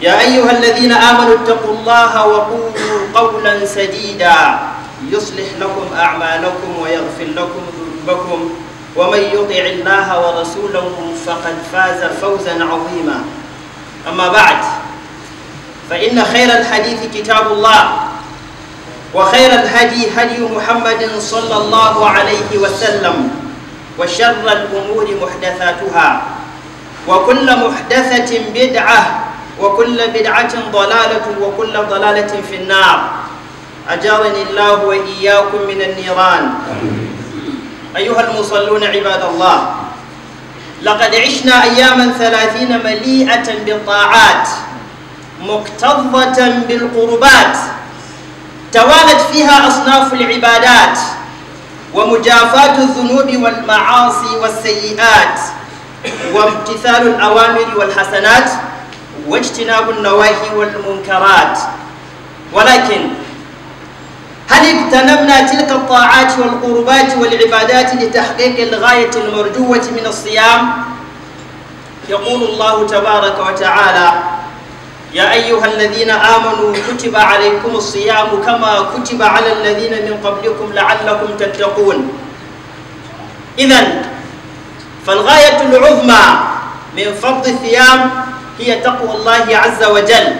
يا أيها الذين آمنوا اتقوا الله وقولوا قولا سديدا يصلح لكم أعمالكم ويغفر لكم ذنوبكم ومن يطع الله ورسوله فقد فاز فوزا عظيما أما بعد فإن خير الحديث كتاب الله وخير الهدي هدي محمد صلى الله عليه وسلم وشر الأمور محدثاتها وكل محدثة بدعة وكل بدعة ضلالة وكل ضلالة في النار أجارني الله وإياكم من النيران أيها المصلون عباد الله لقد عشنا أياما ثلاثين مليئة بالطاعات مكتظة بالقربات توالت فيها أصناف العبادات ومجافاة الذنوب والمعاصي والسيئات وامتثال الأوامر والحسنات واجتناب النواهي والمنكرات ولكن هل اجتنبنا تلك الطاعات والقربات والعبادات لتحقيق الغاية المرجوة من الصيام؟ يقول الله تبارك وتعالى يا أيها الذين آمنوا كتب عليكم الصيام كما كتب على الذين من قبلكم لعلكم تتقون إذا فالغاية العظمى من فرض الصيام هي تقوى الله عز وجل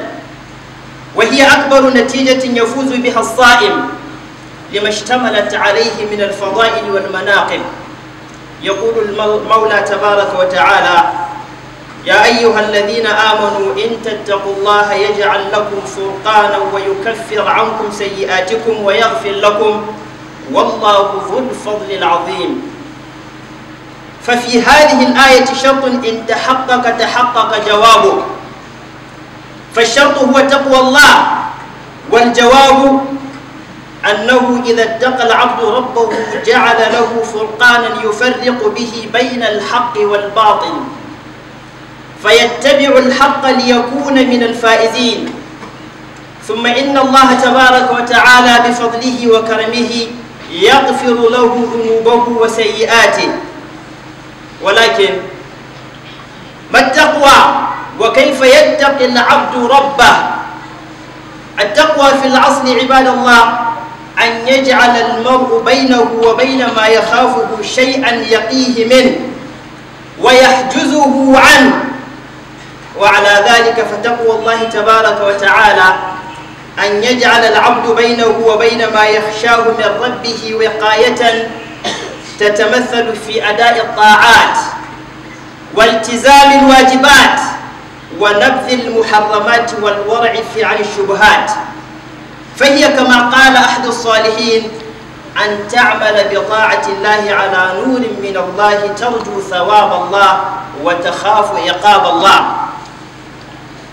وهي أكبر نتيجة يفوز بها الصائم لما اشتملت عليه من الفضائل والمناقب يقول المولى تبارك وتعالى يا أيها الذين آمنوا إن تتقوا الله يجعل لكم فرقانا ويكفر عنكم سيئاتكم ويغفر لكم والله ذو الفضل العظيم ففي هذه الآية شرط إن تحقق تحقق جوابه فالشرط هو تقوى الله والجواب أنه إذا اتقى العبد ربه جعل له فرقانا يفرق به بين الحق والباطل فيتبع الحق ليكون من الفائزين ثم إن الله تبارك وتعالى بفضله وكرمه يغفر له ذنوبه وسيئاته ولكن ما التقوى وكيف يتقي العبد ربه التقوى في الأصل عباد الله أن يجعل المرء بينه وبين ما يخافه شيئا يقيه منه ويحجزه عنه وعلى ذلك فتقوى الله تبارك وتعالى أن يجعل العبد بينه وبين ما يخشاه من ربه وقاية تتمثل في أداء الطاعات والتزام الواجبات ونبذ المحرمات والورع في عن الشبهات فهي كما قال أحد الصالحين أن تعمل بطاعة الله على نور من الله ترجو ثواب الله وتخاف عقاب الله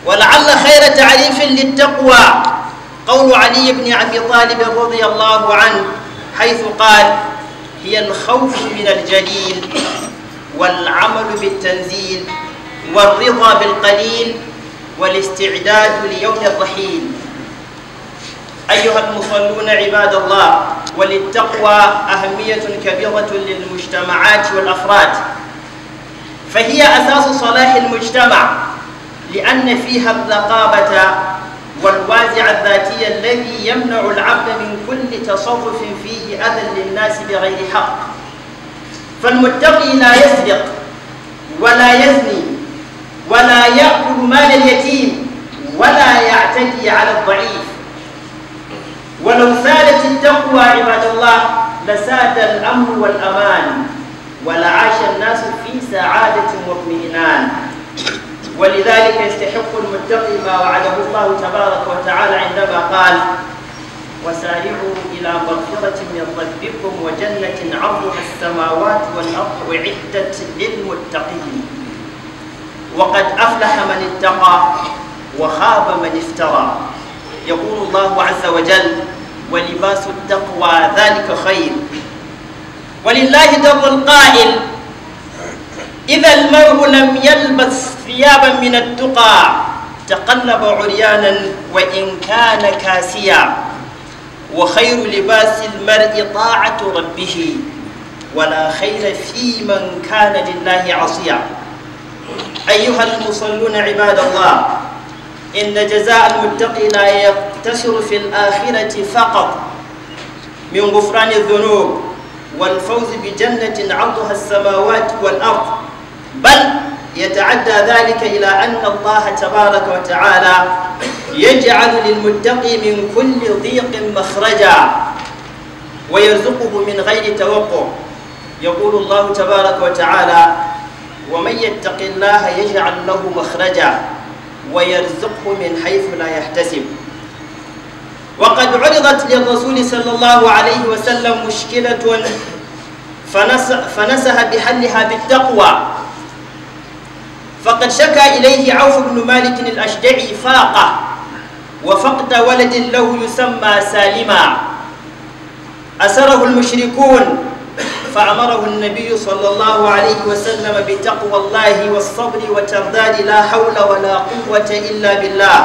ولعل خير تعريف للتقوى قول علي بن أبي طالب رضي الله عنه حيث قال هي الخوف من الجليل والعمل بالتنزيل والرضا بالقليل والاستعداد ليوم الرحيل أيها المصلون عباد الله وللتقوى أهمية كبيرة للمجتمعات والأفراد فهي أساس صلاح المجتمع لأن فيها الرقابة والوازع الذاتي الذي يمنع العبد من كل تصرف فيه أذى للناس بغير حق فالمتقي لا يسرق ولا يزني ولا يأكل مال اليتيم ولا يعتدي على الضعيف ولو زادت التقوى عباد الله لساد الأمر والأمان ولعاش الناس في سعادة واطمئنان ولذلك يستحق المتقي ما وعده الله تبارك وتعالى عندما قال وسارعوا إلى مغفرة من ربكم وجنة عرضها السماوات والأرض أعدت للمتقين وقد أفلح من اتقى وخاب من افترى يقول الله عز وجل ولباس التقوى ذلك خير ولله در القائل إذا المرء لم يلبس ثيابا من التقى تقلب عريانا وإن كان كاسيا وخير لباس المرء طاعة ربه ولا خير في من كان لله عصيا أيها المصلون عباد الله إن جزاء المتقي لا يقتصر في الآخرة فقط من غفران الذنوب والفوز بجنة عرضها السماوات والأرض بل يتعدى ذلك إلى أن الله تبارك وتعالى يجعل للمتقي من كل ضيق مخرجا ويرزقه من غير توقع يقول الله تبارك وتعالى ومن يتق الله يجعل له مخرجا ويرزقه من حيث لا يحتسب وقد عرضت للرسول صلى الله عليه وسلم مشكلة فنسها بحلها بالتقوى فقد شكى إليه عوف بن مالك الأشجعي فاقة وفقد ولد له يسمى سالما أسره المشركون فأمره النبي صلى الله عليه وسلم بتقوى الله والصبر والترداد لا حول ولا قوة إلا بالله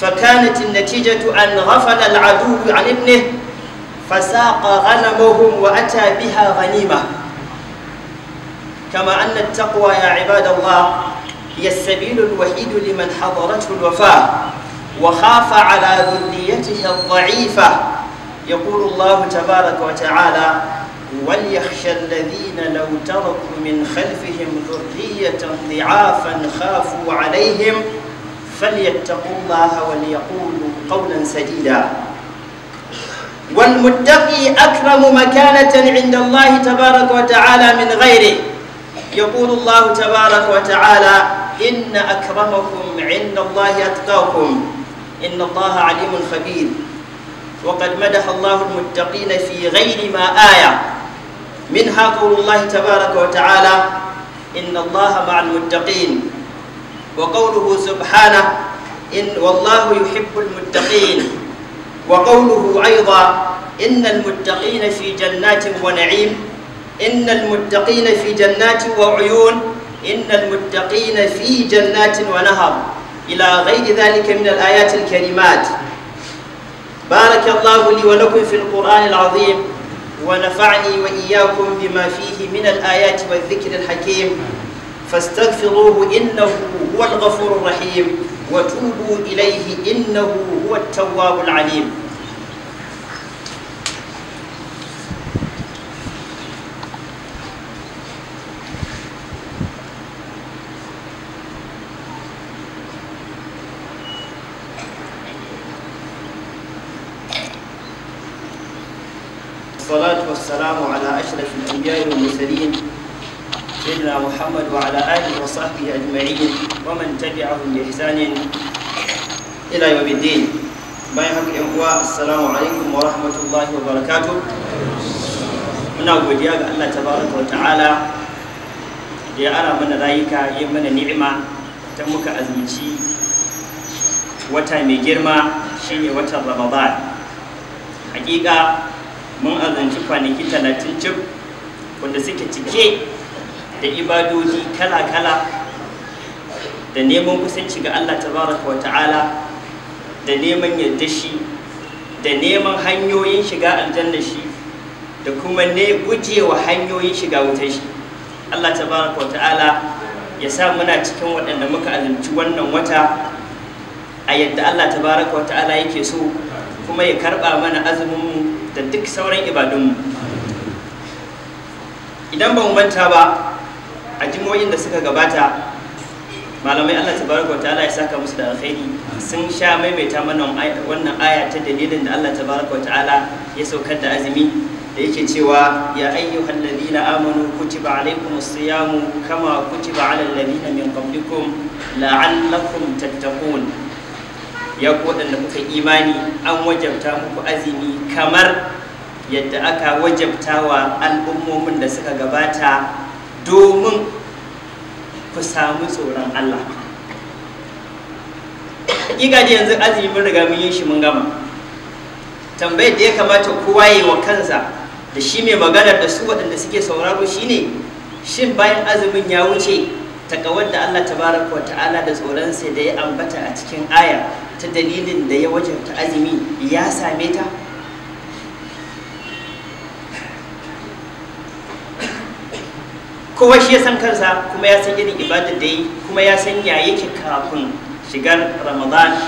فكانت النتيجة أن غفل العدو عن ابنه فساق غنمهم وأتى بها غنيمه كما أن التقوى يا عباد الله هي السبيل الوحيد لمن حضرته الوفاة وخاف على ذريته الضعيفة يقول الله تبارك وتعالى وليخشى الذين لو تركوا من خلفهم ذرية ضعافا خافوا عليهم فليتقوا الله وليقولوا قولا سديدا والمتقي أكرم مكانة عند الله تبارك وتعالى من غيره يقول الله تبارك وتعالى إن أكرمكم عند الله أتقاكم إن الله عليم خبير وقد مدح الله المتقين في غير ما آية منها قول الله تبارك وتعالى إن الله مع المتقين وقوله سبحانه إن والله يحب المتقين وقوله أيضا إن المتقين في جنات ونعيم إن المتقين في جنات وعيون إن المتقين في جنات ونهر إلى غير ذلك من الآيات الكريمات بارك الله لي ولكم في القرآن العظيم ونفعني وإياكم بما فيه من الآيات والذكر الحكيم فاستغفروه إنه هو الغفور الرحيم وتوبوا إليه إنه هو التواب العليم والصلاة والسلام على أشرف الأنبياء والمرسلين سيدنا محمد وعلى آله وصحبه أجمعين ومن تبعهم بإحسان إلى يوم الدين bayan haka yan uwa assalamu alaikum wa rahmatullahi wa barakatu muna godiya ga Allah tabaraka wa ta'ala da ya ara mana rayuka ya mana ni'ima ta muka azumci wata mai girma shine watan Ramadan hakika mun azanci kwanaki talatin cif wanda suke cike da ibadoji kala-kala da neman kusanci ga Allah tabaraka wa ta'ala da neman yadda shi da neman hanyoyin shiga aljanna shi da kuma ne gujewa hanyoyin shiga wutar shi Allah tabaraka wa ta'ala ya sa muna cikin waɗanda muka azanci wannan wata a yadda Allah tabaraka wa ta'ala yake so kuma ya karɓa mana azumin mu da duk sauran ibadunmu idan ba mu manta ba a jimo'in da suka gabata malamai Allah tabaraka ta'ala ya saka musu da alkhairi sun sha maimaita mana wannan aya ta dalilin da Allah tabaraka ta'ala ya saukar da azumi da yake cewa ya ayyuhal ladina amanu kutiba alaykumus siyamu kama kutiba alal ladina min qablikum la'allakum tattaqun ya ku waɗanda muka imani an wajabta muku azumi kamar yadda aka wajabtawa wa al'ummomin da suka gabata domin ku samu tsoron Allah ƙiƙa yanzu azumi mun riga mun yi shi mun gama tambayar da ya kamata kowa yi wa kansa da shi mai magana da su waɗanda suke sauraro shine shin bayan azumin ya wuce takawar da Allah tabaraka wa ta'ala da tsoron sai da ya ambata a cikin aya ta dalilin da ya ta azumi ya same ta kowa shi ya san kansa kuma ya san irin ibadar da yi kuma ya san ya yake kafin shigar ramadan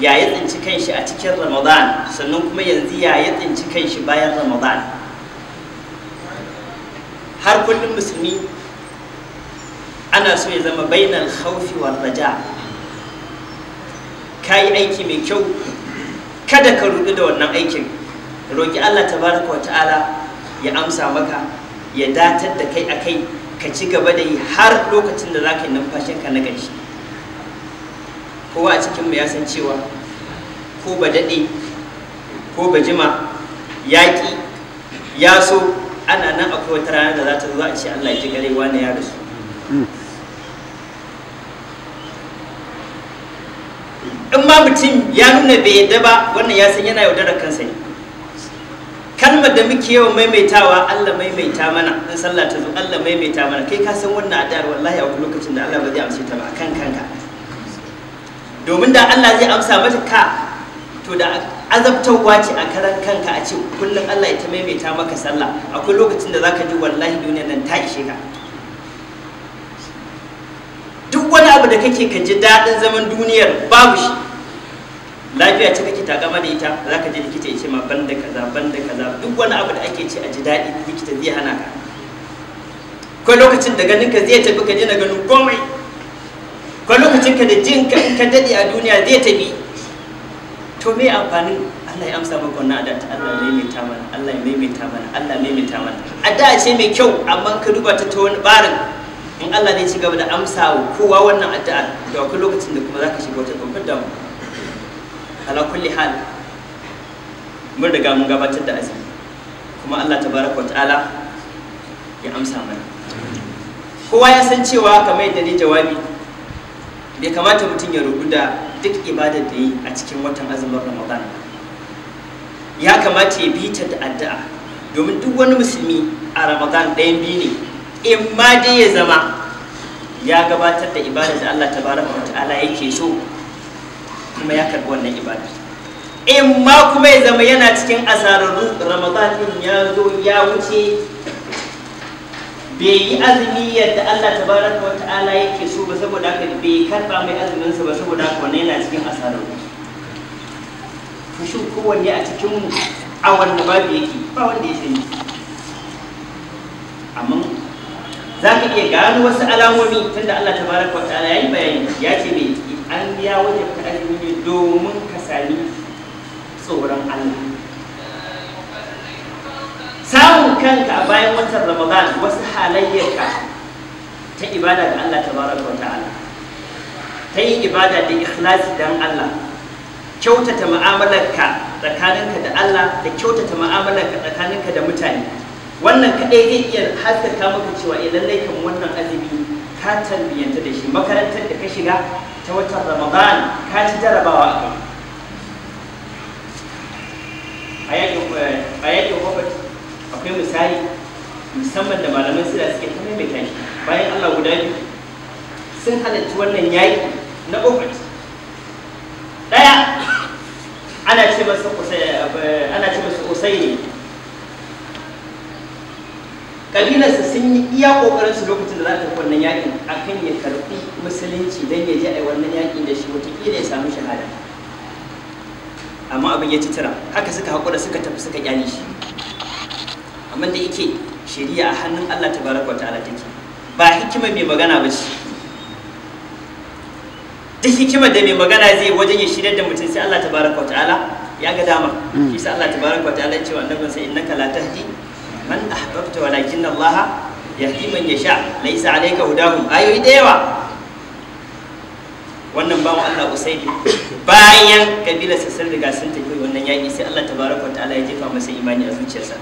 ya yi tsinci kanshi a cikin ramadan sannan kuma yanzu ya yi tsinci kanshi bayan ramadan har kullum musulmi ana so ya zama bainar haufi wa raja yi aiki mai kyau kada ka rudu da wannan aikin Roƙi Allah tabaraka wa ta'ala ya amsa maka ya datar da kai a kai ka ci gaba da yi har lokacin da za zaka yi numfashinka na gashi kowa a cikin ya san cewa ko ba daɗe ko ba jima yaƙi ya so ana nan akwai wata rana da za ta zo a ce Allah ya ji garewa na ya rasu hmm. ma mutum ya nuna bai yadda ba wannan ya san yana yaudarar kansa ne kalmar da muke yawan maimaitawa Allah maimaita mana in sallah ta zo Allah maimaita mana kai ka san wannan addu'ar wallahi a wani lokacin da Allah ba zai amsa ta ba kan kanka domin da Allah zai amsa mata ka to da azabtarwa ce a karan kanka a ce kullum Allah ya ta maimaita maka sallah akwai lokacin da zaka ji wallahi duniya nan ta ishe ka duk wani abu da kake ka ji daɗin zaman duniyar babu shi lafiya ce kake takama da ita za ka je likita ya ce ma banda kaza banda kaza duk wani abu da ake ce a ji daɗi likita zai hana ka ko lokacin da ganin ka zai tafi ka je na ganin komai ko lokacin ka da jin ka ka daɗe a duniya zai tafi to me amfanin Allah ya amsa maka wannan adat Allah ya maimaita mana Allah ya maimaita mana Allah ya maimaita mana adda ce mai kyau amma ka duba ta ta wani barin in Allah ne ya ci gaba da amsa wa kowa wannan addu'a da wani lokacin da kuma zaka shiga wata babbar damuwa ala kulli hal mun riga mun gabatar da azumi kuma Allah tabaraka ta'ala ya amsa mana kowa ya san cewa kamar yadda ni jawabi bai kamata mutum ya rubu da duk ibadar da yi a cikin watan azumin ramadan ya kamata ya bi ta da addu'a domin duk wani musulmi a ramadan ɗayan biyu ne in ma dai ya zama ya gabatar da ibadar da Allah tabaraka ta'ala yake so kuma ya karbi wannan ibada in ma kuma ya zama yana cikin azararru ramadan ya zo ya wuce bai yi azumi yadda Allah tabaraka wa ta'ala yake so ba saboda haka bai karba mai azumin sa ba saboda haka wannan yana cikin asarar fushin kowanne a cikin mu a wannan babu yake ba wanda ya sani amma za ka iya gano wasu alamomi tunda Allah tabaraka wa ta'ala yi bayani ya ce mai an biya wajen azumi ne domin ka sami tsoron Allah samun kanka a bayan watan ramadan wasu halayyarka ta ibada da Allah tabaraka wa ta'ala ta yi ibada da ikhlasi don Allah kyautata ma'amalarka tsakaninka da Allah da kyautata ma'amalarka tsakaninka da mutane wannan kaɗai zai iya haskaka maka cewa idan eh laikan wannan azumi ka tarbiyyanta da shi makarantar da ka shiga ta watan ramadan ka ci jarabawa a kai a yakin eh, kwabat akwai misali musamman da malaman sila suke ta maimaita shi bayan allah guda biyu sun halarci wannan yayi na kwabat ɗaya ana ce masa usai eh, ne kabilarsa sun yi iya su lokacin da za ta wannan yaƙin akan ya karfi musulunci don ya je a wannan yaƙi da shi wataƙila ya samu shahada amma abin ya ci tara haka suka haƙura suka tafi suka ƙyale shi amma da yake shari'a a hannun Allah ta baraka wata ala take ba hikima mai magana ba ce duk hikimar da mai magana zai wajen ya shirya da mutum sai Allah wata ta'ala ya ga dama mm. shi sai Allah tabaraka ta'ala ya ce wa annabin sa innaka la tahdi man ahbabta walakin Allah yahdi man yasha laysa alayka hudahum ayoyi da yawa wannan bawan Allah ne? bayan kabilarsa sun riga sun tafi wannan yaƙi sai Allah tabaraka wa ta'ala ya jefa masa imani a zuciyarsa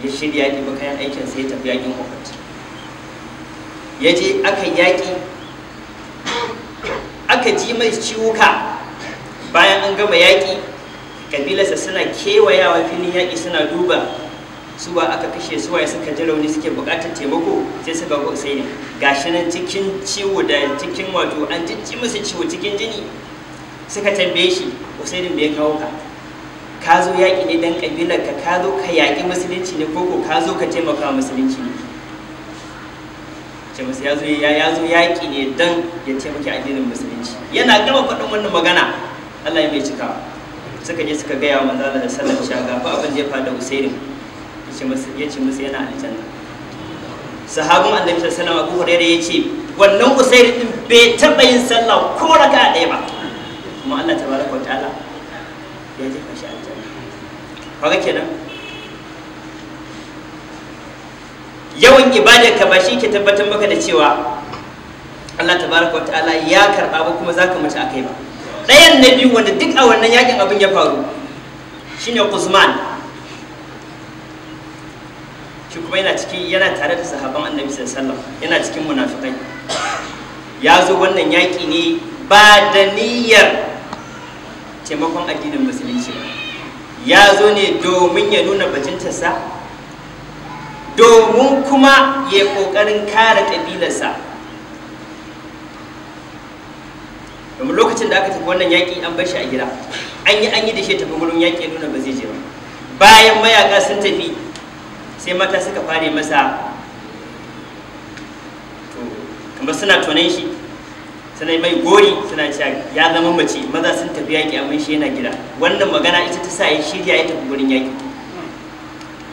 ya shirya yaki ba kayan aikin sai ya tafi yaƙin Uhud Yaje aka yaƙi aka ji mai ciwuka bayan an gama yaƙi kabilarsa suna kewayawa filin yaki suna duba suwa aka kashe waye suka ji rauni suke buƙatar taimako sai suka ga ne gashi nan cikin ciwo da cikin wato an jijji musu ciwo cikin jini suka tambaye shi usaini bai kawo ka ka zo yaƙi ne dan ƙabilar ka ka zo ka yaƙi musulunci ne koko ka zo ka taimaka musulunci ne ce musu ya zo ya zo yaƙi ne dan ya taimaki addinin musulunci yana gama faɗin wannan magana Allah ya bai cika suka je suka gaya wa manzo Allah sallallahu alaihi wasallam ga fa abin da ya faɗa usaini ya ce musu yana aljanna sahabin annabi sallallahu alaihi wasallam Abu ya ce wannan Usair din bai taba yin sallah ko raka ɗaya ba kuma Allah tabaraka wa ta'ala ya ji kashi aljanna kaga kenan yawan ibadarka ba shi ke tabbatar maka da cewa Allah tabaraka wa ta'ala ya karba ba kuma zaka mace akai ba ɗayan na biyu wanda duk a wannan yakin abin ya faru shine Usman shi kuma yana cikin yana tare da sahaban annabi sallallahu alaihi yana cikin munafikai yazo zo wannan yaƙi ne ba da niyyar taimakon addinin musulunci ya zo ne domin ya nuna bajintarsa domin kuma ya ƙoƙarin kare ƙabilarsa domin lokacin da aka tafi wannan yaƙi an bar shi a gida an yi an yi da shi tafi wurin yaƙi nuna ba zai je ba bayan mayaka sun tafi sai mata suka fare masa to kamar suna tunan shi suna mai gori suna cewa ya zama mace maza sun tafi yaƙi amma shi yana gida wannan magana ita ta sa ya shirya ya tafi gurin yaƙi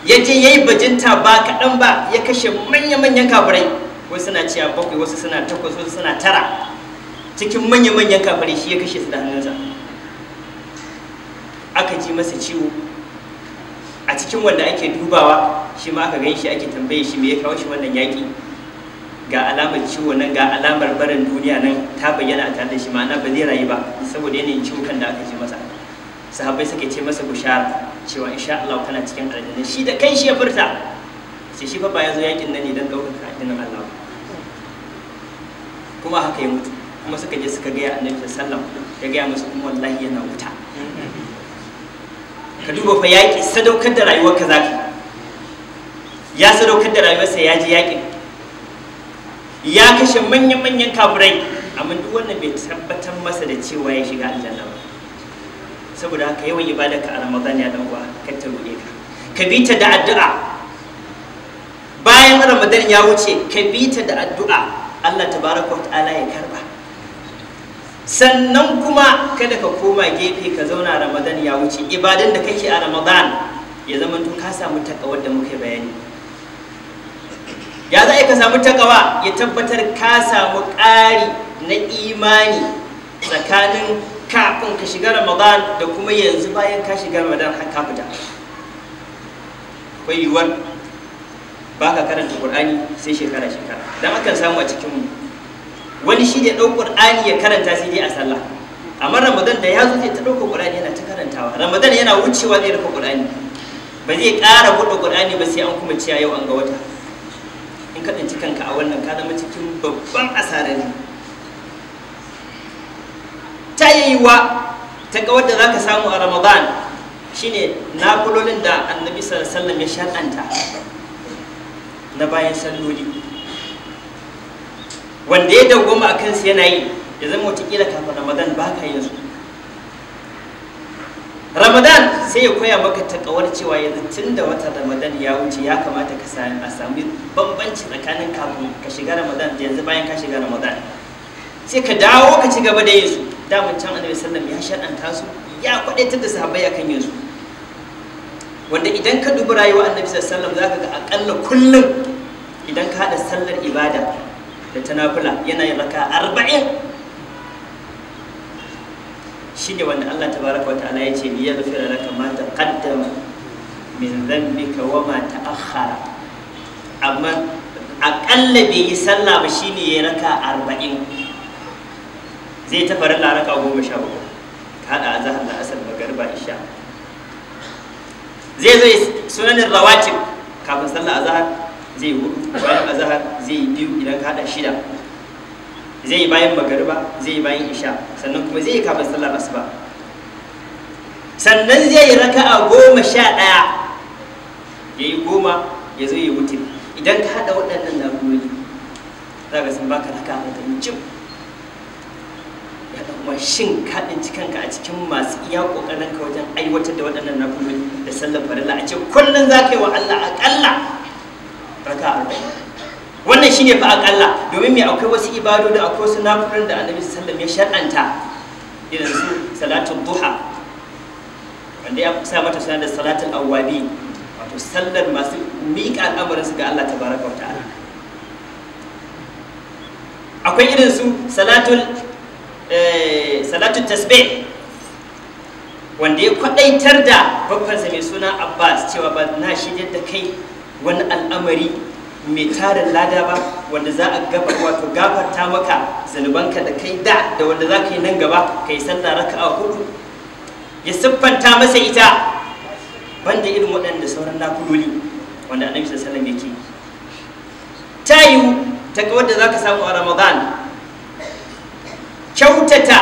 ya je ya yi bajinta ba kaɗan ba ya kashe manya-manyan kafirai wasu suna cewa bakwai wasu suna takwas wasu suna tara cikin manya-manyan kafirai shi ya kashe su da hannunsa aka ji masa ciwo a cikin wanda ake dubawa shi ma aka gan shi ake tambaye shi me ya kawo shi wannan yaƙi ga alamar ciwo nan ga alamar barin duniya nan ta bayyana a tare da shi ma'ana ba zai rayu ba saboda yanayin kan da aka ji masa sahabbai suke ce masa bushara cewa insha Allah kana cikin aljanna shi da kan shi ya furta sai shi fa ba ya zo yakin nan ne dan ɗaukaka addinin Allah kuma haka ya mutu kuma suka je suka gaya annabi sallallahu alaihi wasallam ya gaya musu kuma wallahi yana wuta ka duba fa yaƙi sadaukar da rayuwarka za ka ya sadaukar da rayuwarsa ya ji yaƙin ya kashe manyan-manyan kafirai amma duk wannan bai tabbatar masa da cewa ya shiga aljanna ba saboda haka yawan ibadarka a ramadan ya dan uwa ka ta ruɗe ka ka bi ta da addu'a bayan ramadan ya wuce ka bi ta da addu'a Allah tabaraka wa ta'ala ya karba sannan kuma kada ka koma gefe ka zauna ramadan ya wuce ibadan da kake a ramadan ya zama to ka samu takawa da muka bayani ya zai ka samu takawa ya tabbatar ka samu ƙari na imani tsakanin kafin ka shiga ramadan da kuma yanzu bayan ka shiga ramadan har ka fita akwai yiwuwar ka karanta ƙur'ani sai shekara shekara don akan samu a cikin mu wani shi ne ɗau ƙur'ani ya karanta sai dai a sallah amma ramadan da ya zo zai ta ɗauka ƙur'ani yana ta karantawa ramadan yana wucewa zai rufe ƙur'ani ba zai ƙara buɗe ƙur'ani ba sai an kuma ciya yau an ga wata in ka tsinci kanka a wannan ka zama cikin babban asarari ta yiwuwa ta ga da za ka samu a ramadan shine naƙulolin da annabi sallallahu alaihi wasallam ya shar'anta na bayan salloli wanda ya dawwama a kansu yana yi ya zama watakila kafin ramadan ba ka yin su ramadan sai ya koya maka takawar cewa yanzu tun da wata ramadan ya wuce ya kamata ka a sami bambanci tsakanin kafin ka shiga ramadan da yanzu bayan ka shiga ramadan sai ka dawo ka ci gaba da yin su can annabi sallam ya shaɗanta su ya tun da sahabbai akan yin su wanda idan ka dubi rayuwa annabi sallam ka ga aƙalla kullum idan ka haɗa sallar ibada da ta nafila yana yin raka arba'in shi ne wanda Allah ta baraka wata ala ya ce liya gafira laka ma kaddama min zambika wa ma ta akhara amma aƙalla bai yi sallah ba shi ne ya raka arba'in zai ta farin laraka goma sha bakwai ka haɗa a zahar da asar magarba isha zai zai sunanin rawatib kafin sallah a zahar zai hudu bayan azahar zai yi biyu idan ka hada shida zai yi bayan magariba zai yi bayan isha sannan kuma zai yi kafin sallar asuba sannan zai yi raka'a goma sha ɗaya ya yi goma ya zo ya wuce idan ka hada waɗannan nagurori za ka san baka raka a kan jim ya kuma shin kaɗin ɗinci ka a cikin masu iya ƙoƙarin ka wajen aiwatar da waɗannan nagurori da sallar farilla a ce kullum za ka yi wa Allah aƙalla raka arba'in wannan shine fa akalla domin me akwai wasu ibado da akwai wasu nafurin da annabi sallallahu alaihi wasallam ya shar'anta irin su salatul duha wanda ya sa mata suna da salatul awwabi wato sallar masu miƙa al'amarin su ga Allah tabaraka wa ta'ala akwai irin su salatul eh, salatul tasbih wanda ya kwadaitar da babbansa mai suna abbas cewa ba na shi da kai wani al'amari mai tarin lada ba wanda za a gaba wato gafarta maka zanubanka da kai da da wanda za ka yi nan gaba ka yi sallah a hudu ya siffanta masa ita banda irin waɗanda sauran nafuloli wanda annabi sallallahu alaihi yake ta yiwu ta ga wanda za ka samu a ramadan kyautata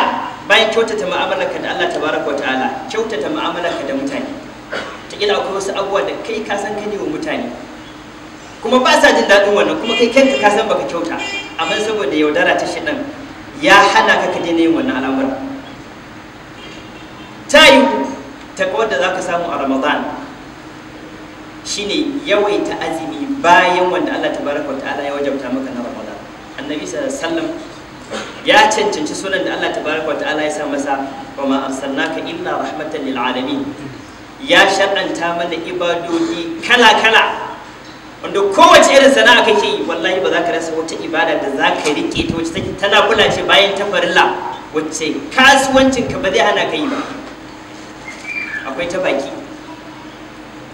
bayan kyautata mu'amalarka da Allah tabaraka wa ta'ala kyautata mu'amalarka da mutane ta kila akwai wasu abubuwa da kai ka san ka ne wa mutane kuma ba sa jin daɗin wannan kuma kai kanka ka san baka kyauta amma saboda yaudara ta shiɗan ya hana ka ka daina yin wannan al'amura ta yi takawar da za ka samu a ramadan shine yawaita azumi bayan wanda Allah tabaraka wa ta'ala ya wajabta maka na ramadan annabi sallallahu alaihi ya cancanci sunan da Allah Ta tabaraka wata'ala ya sa masa wa ma arsalnaka illa rahmatan lil alamin ya shar'anta mana ibadoji kala kala wanda kowace irin sana'a kake yi wallahi ba za ka rasa wata ibada da za ka rike ta wacce take tana kula ce bayan ta farilla wacce kasuwancin ka ba zai hana ka yi ba akwai ta baki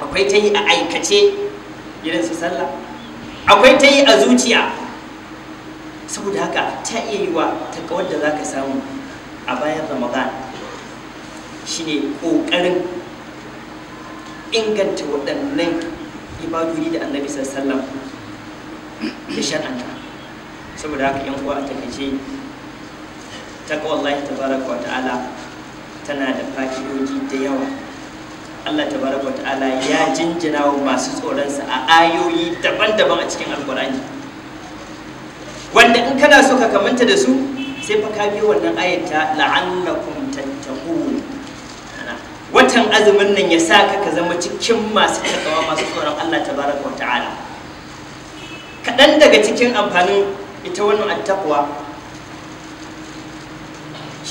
akwai ta yi a aikace irin su sallah akwai ta yi a zuciya saboda haka ta iya yi wa ta kawar da za ka samu a bayan ramadan shine ƙoƙarin inganta waɗannan ibaduri da annabi sallallahu da shar'anta saboda haka yan uwa a takaice Allah tabaraka wa ta'ala tana da fa'idoji da yawa Allah tabaraka wa ta'ala ya jinjina wa masu sa a ayoyi daban-daban a cikin alkur'ani wanda in kana so ka kamanta da su sai fa ka biyo wannan ayata la'annakum tattaqun watan azumin nan ya sa ka zama cikin masu takawa masu tsoron Allah tabaraka wa ta'ala kaɗan daga cikin amfanin ita wannan attaqwa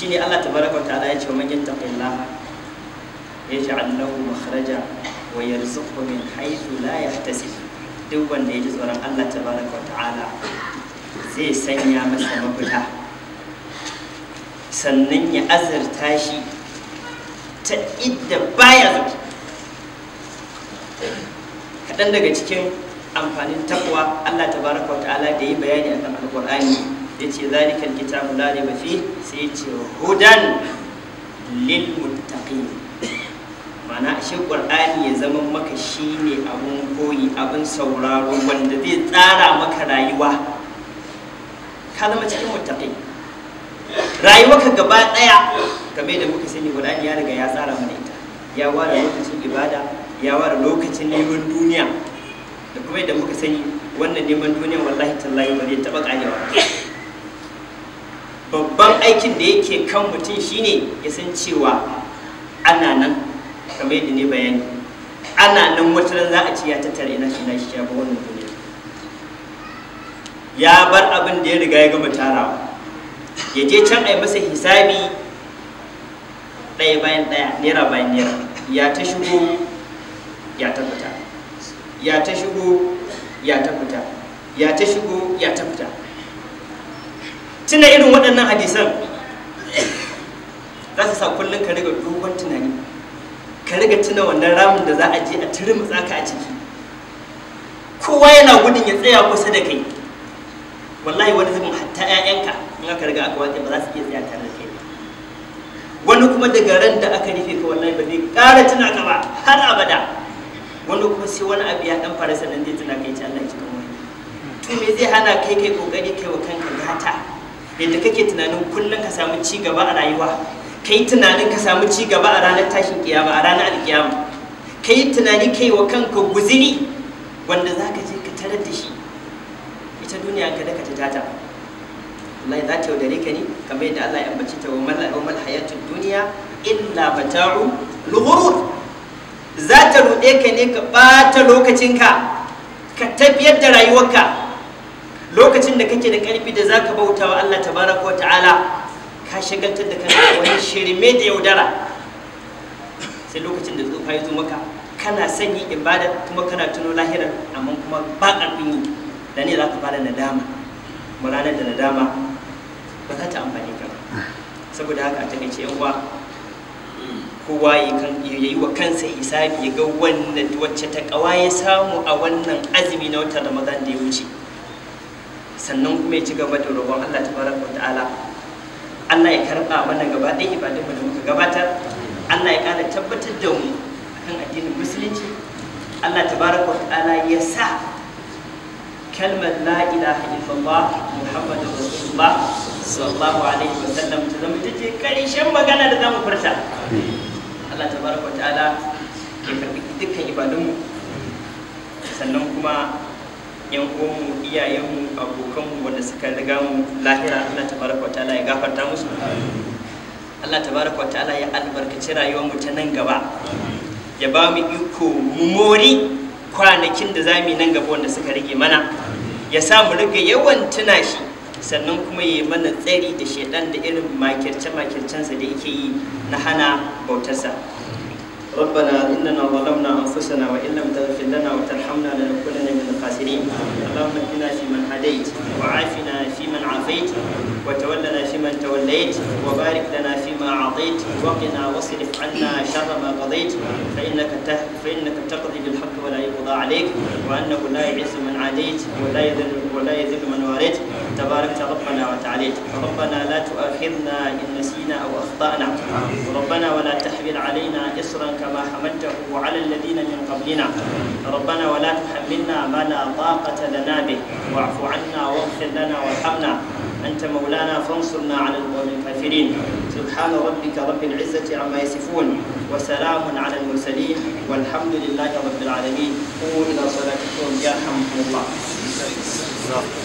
ne Allah tabaraka wa ta'ala ya ce man yattaqillaha yaj'al lahu makhraja wa yarzuqhu min haythu la yahtasib duk wanda ya ji tsoron Allah tabaraka wa ta'ala zai sanya masa mafita sannan ya azurta shi ta idda baya zato kaɗan daga cikin amfanin takwa Allah ta baraka wa ta'ala da yi bayani a kan alƙur'ani ya ce zalikan kita mula ne fi sai ya ce hudan lil muttaqin ma'ana shi qur'ani ya zama maka shi ne abin koyi abin sauraro wanda zai tsara maka rayuwa ka zama cikin muttaqin ka gaba ɗaya. kamar da muka sani wani ya riga ya tsara mana ita ya ware lokacin ibada ya ware lokacin neman duniya da kuma yadda muka sani wannan neman duniya wallahi tallahi ba zai taɓa ƙarewa babban aikin da yake kan mutum shine ya san cewa ana nan kamar yadda ne bayani ana nan wata za a ci ya tattara ina shi na shi ya ba wannan duniya ya bar abin da ya riga ya gama tarawa ya je can a yi masa hisabi ɗaya bayan ɗaya naira bayan naira ya ta shigo ya ta fita ya ta shigo ya ta fita ya ta shigo ya ta fita tuna irin waɗannan hadisan za su sa kullum ka riga dogon tunani ka riga tuna wannan ramin da za a je a turmutsa ka a ciki kowa yana gudun ya tsaya kusa da kai wallahi wani zubin hatta 'ya'yanka in aka riga aka wace ba za su iya tsaya tare da wani kuma daga ran da aka rufe ka wallahi ba zai ƙara tuna ka ba har abada wani kuma sai wani abu ya dan fara sanan zai tuna kai ci Allah ya cika to me zai hana kai kai kokari kai wa kanka gata yadda kake tunanin kullun ka samu ci gaba a rayuwa kai tunanin ka samu ci gaba a ranar tashin kiyama a ranar alkiyama kai tunani kai wa kanka guzuri wanda zaka je ka tarar da shi ita duniya ka daka ta tata wallahi za ta yaudare ka ne kamar yadda Allah ya ambaci ta wa mal duniya illa mata'u lughurur za ta ruɗe ka ne ka ɓata lokacinka ka tafiyar da rayuwarka lokacin da kake da ƙarfi da za ka bauta wa Allah tabaraka wa ta'ala ka shagaltar da kanka wani shirme da yaudara sai lokacin da tsufa ya zo maka kana son yi ibada kuma kana tuno lahirar amma kuma ba ƙarfin yi da ne za ka fara nadama ranar da nadama ba za ta amfani ka ba saboda haka a taƙaice yan uwa kowa ya yi wa kansa hisabi ya ga wannan wacce ta ƙawa ya samu a wannan azumi na watan ramadan da ya wuce sannan kuma ya ci gaba da roƙon allah ta baraka ta'ala allah ya karɓa mana gaba ɗaya ibadun da muka gabatar allah ya ƙara tabbatar da mu akan addinin musulunci allah ta baraka ta'ala ya sa kalmar la ilaha illallah muhammadu rasulullah sallallahu alaihi wa sallam ta zama ita ce karshen magana da zamu furta Allah tabaraka ta'ala ya karbi dukkan ibadunmu sannan kuma yan uwanmu iyayenmu abokanmu wanda suka riga mu lahira Allah tabaraka ta'ala ya gafarta musu Allah tabaraka ta'ala ya albarkaci rayuwarmu ta nan gaba ya ba mu iko mu mori kwanakin da zamu nan gaba wanda suka rage mana ya sa mu riga yawan tuna shi sannan kuma ya mana tsari da shaidan da irin makirce-makircensa da yake yi na hana bautarsa ربنا اننا ظلمنا انفسنا وان لم تغفر لنا وترحمنا لنكونن من الخاسرين اللهم اهدنا فيمن هديت وعافنا فيمن عافيت وتولنا فيمن توليت وبارك لنا فيما اعطيت وقنا واصرف عنا شر ما قضيت فانك فانك تقضي بالحق ولا يقضى عليك وانه لا يعز من عاديت ولا يذل ولا يذل من واليت تباركت ربنا وتعاليت ربنا لا تؤاخذنا إن نسينا أو أخطأنا ربنا ولا تحمل علينا إصرا كما حملته على الذين من قبلنا ربنا ولا تحملنا ما لا طاقة لنا به واعف عنا واغفر لنا وارحمنا أنت مولانا فانصرنا على القوم الكافرين سبحان ربك رب العزة عما يصفون وسلام على المرسلين والحمد لله رب العالمين قوموا إلى صلاتكم حمد الله